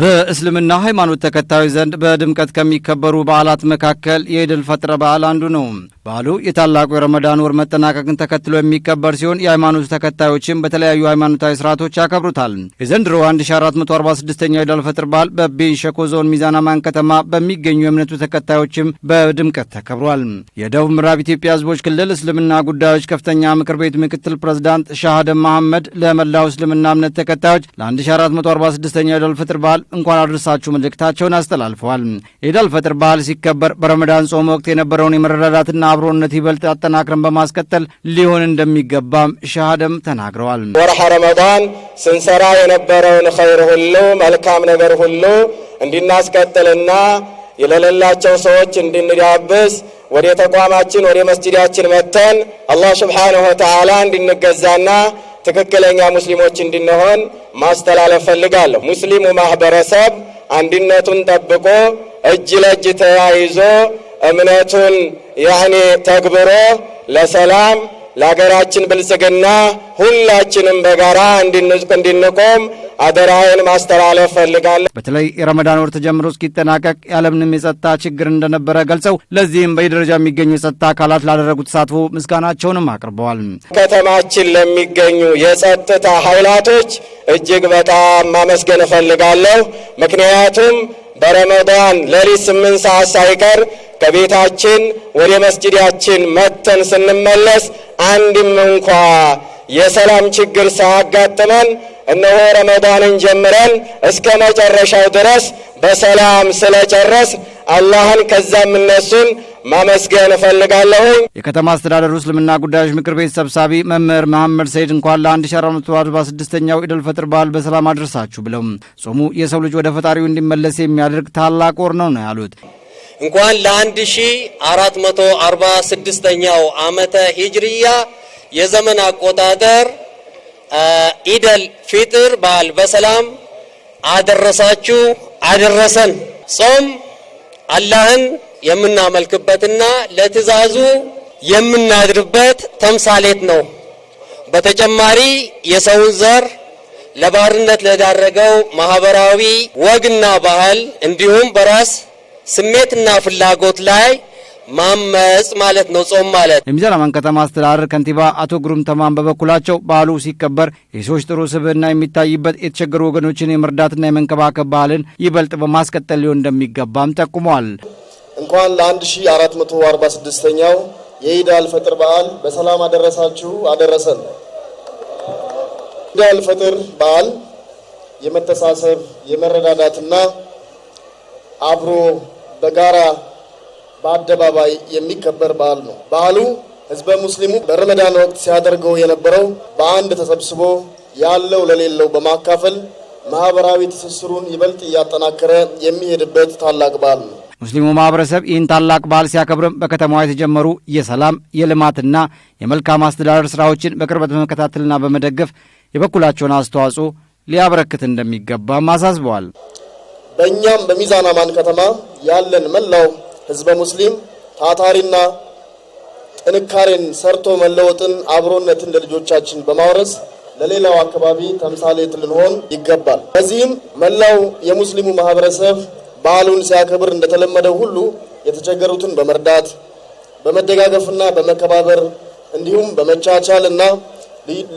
በእስልምና ሃይማኖት ተከታዮች ዘንድ በድምቀት ከሚከበሩ በዓላት መካከል የኢድል ፈጥረ በዓል አንዱ ነው። በዓሉ የታላቁ የረመዳን ወር መጠናቀቅን ተከትሎ የሚከበር ሲሆን የሃይማኖት ተከታዮችም በተለያዩ ሃይማኖታዊ ስርዓቶች ያከብሩታል። የዘንድሮ 1446ኛው የኢዳል ፈጥር በዓል ሸኮ ዞን ሚዛን አማን ከተማ በሚገኙ የእምነቱ ተከታዮችም በድምቀት ተከብሯል። የደቡብ ምዕራብ ኢትዮጵያ ህዝቦች ክልል እስልምና ጉዳዮች ከፍተኛ ምክር ቤት ምክትል ፕሬዝዳንት ሻሃደ መሐመድ ለመላው እስልምና እምነት ተከታዮች ለ1446ኛው የኢዳል ፈጥር በዓል እንኳን አደረሳችሁ መልእክታቸውን አስተላልፈዋል። ኢድ አልፈጥር በዓል ሲከበር በረመዳን ጾም ወቅት የነበረውን የመረዳዳትና አብሮነት ይበልጥ አጠናክረን በማስቀጠል ሊሆን እንደሚገባም ሻሃደም ተናግረዋል። ወርሐ ረመዳን ስንሰራ የነበረውን ኸይር ሁሉ መልካም ነገር ሁሉ እንድናስቀጥልና የሌላቸው ሰዎች እንድንዳብስ ወደ ተቋማችን ወደ መስጂዳችን መጥተን አላህ ሱብሓነሁ ወተዓላ እንድንገዛና ትክክለኛ ሙስሊሞች እንድንሆን ማስተላለፍ ፈልጋለሁ። ሙስሊሙ ማህበረሰብ አንድነቱን ጠብቆ እጅ ለእጅ ተያይዞ እምነቱን ያኔ ተግብሮ ለሰላም ለሀገራችን ብልጽግና ሁላችንም በጋራ እንድንቆም አደራውን ማስተላለፍ ፈልጋለሁ። በተለይ የረመዳን ወር ተጀምሮ እስኪጠናቀቅ ያለምንም የጸጥታ ችግር እንደነበረ ገልጸው ለዚህም በየደረጃ የሚገኙ የጸጥታ አካላት ላደረጉት ተሳትፎ ምስጋናቸውንም አቅርበዋል። ከተማችን ለሚገኙ የጸጥታ ኃይላቶች እጅግ በጣም ማመስገን እፈልጋለሁ። ምክንያቱም በረመዳን ሌሊት ስምንት ሰዓት ሳይቀር ከቤታችን ወደ መስጂዳችን መጥተን ስንመለስ አንድም እንኳ የሰላም ችግር ሳያጋጥመን እነሆ ረመዳንን ጀምረን እስከ መጨረሻው ድረስ በሰላም ስለጨረስ አላህን ከዛም እነሱን ማመስገን እፈልጋለሁ። የከተማ አስተዳደሩ እስልምና ጉዳዮች ምክር ቤት ሰብሳቢ መምህር መሐመድ ሰይድ እንኳን ለ1446ኛው ኢደል ፈጥር በዓል በሰላም አድረሳችሁ ብለው ጾሙ የሰው ልጅ ወደ ፈጣሪው እንዲመለስ የሚያደርግ ታላቅ ወር ነው ነው ያሉት። እንኳን ለ1446ኛው ዓመተ ሂጅርያ የዘመን አቆጣጠር ኢደል ፊጥር በዓል በሰላም አደረሳችሁ አደረሰን። ጾም አላህን የምናመልክበትና ለትዕዛዙ የምናድርበት ተምሳሌት ነው። በተጨማሪ የሰውን ዘር ለባርነት ለዳረገው ማህበራዊ ወግና ባህል እንዲሁም በራስ ስሜትና ፍላጎት ላይ ማመጽ ማለት ነው። ጾም ማለት የሚዛን ከተማ አስተዳደር ከንቲባ አቶ ግሩም ተማን በበኩላቸው በዓሉ ሲከበር የሰዎች ጥሩ ስብዕና የሚታይበት የተቸገሩ ወገኖችን የመርዳትና የመንከባከብ ባህልን ይበልጥ በማስቀጠል ሊሆን እንደሚገባም ጠቁመዋል። እንኳን ለ1446ኛው የኢድ አልፈጥር በዓል በሰላም አደረሳችሁ አደረሰን። ኢድ አልፈጥር በዓል የመተሳሰብ የመረዳዳትና አብሮ በጋራ በአደባባይ የሚከበር በዓል ነው። በዓሉ ህዝበ ሙስሊሙ በረመዳን ወቅት ሲያደርገው የነበረው በአንድ ተሰብስቦ ያለው ለሌለው በማካፈል ማህበራዊ ትስስሩን ይበልጥ እያጠናከረ የሚሄድበት ታላቅ በዓል ነው። ሙስሊሙ ማህበረሰብ ይህን ታላቅ በዓል ሲያከብርም በከተማዋ የተጀመሩ የሰላም የልማትና የመልካም አስተዳደር ስራዎችን በቅርበት በመከታተልና በመደገፍ የበኩላቸውን አስተዋጽኦ ሊያበረክት እንደሚገባም አሳስበዋል። በእኛም በሚዛን አማን ከተማ ያለን መላው ህዝበ ሙስሊም ታታሪና ጥንካሬን ሰርቶ መለወጥን፣ አብሮነትን ለልጆቻችን በማውረስ ለሌላው አካባቢ ተምሳሌት ልንሆን ይገባል። በዚህም መላው የሙስሊሙ ማህበረሰብ በዓሉን ሲያከብር እንደተለመደው ሁሉ የተቸገሩትን በመርዳት በመደጋገፍና በመከባበር እንዲሁም በመቻቻል እና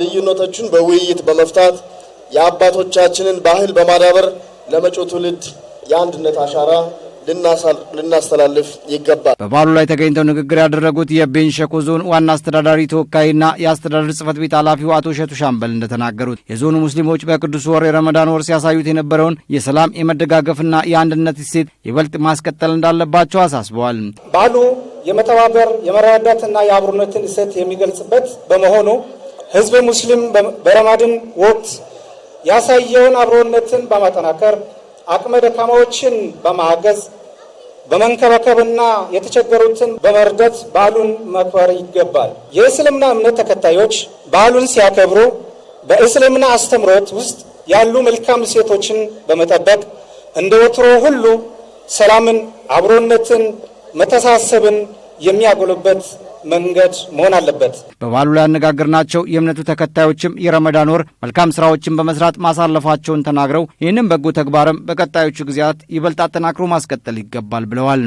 ልዩነቶችን በውይይት በመፍታት የአባቶቻችንን ባህል በማዳበር ለመጪው ትውልድ የአንድነት አሻራ ልናስተላልፍ ይገባል። በበዓሉ ላይ ተገኝተው ንግግር ያደረጉት የቤንች ሸኮ ዞን ዋና አስተዳዳሪ ተወካይና የአስተዳደር ጽህፈት ቤት ኃላፊው አቶ ሸቱ ሻምበል እንደተናገሩት የዞኑ ሙስሊሞች በቅዱስ ወር የረመዳን ወር ሲያሳዩት የነበረውን የሰላም የመደጋገፍና የአንድነት እሴት ይበልጥ ማስቀጠል እንዳለባቸው አሳስበዋል። በዓሉ የመተባበር የመረዳዳትና የአብሮነትን እሴት የሚገልጽበት በመሆኑ ህዝብ ሙስሊም በረማድን ወቅት ያሳየውን አብሮነትን በማጠናከር አቅመ ደካማዎችን በማገዝ በመንከባከብና የተቸገሩትን በመርደት በዓሉን መክበር ይገባል። የእስልምና እምነት ተከታዮች በዓሉን ሲያከብሩ በእስልምና አስተምሮት ውስጥ ያሉ መልካም እሴቶችን በመጠበቅ እንደ ወትሮ ሁሉ ሰላምን፣ አብሮነትን፣ መተሳሰብን የሚያጎሉበት መንገድ መሆን አለበት። በባሉ ላይ ያነጋገርናቸው የእምነቱ ተከታዮችም የረመዳን ወር መልካም ስራዎችን በመስራት ማሳለፋቸውን ተናግረው ይህንም በጎ ተግባርም በቀጣዮቹ ጊዜያት ይበልጥ አጠናክሮ ማስቀጠል ይገባል ብለዋል።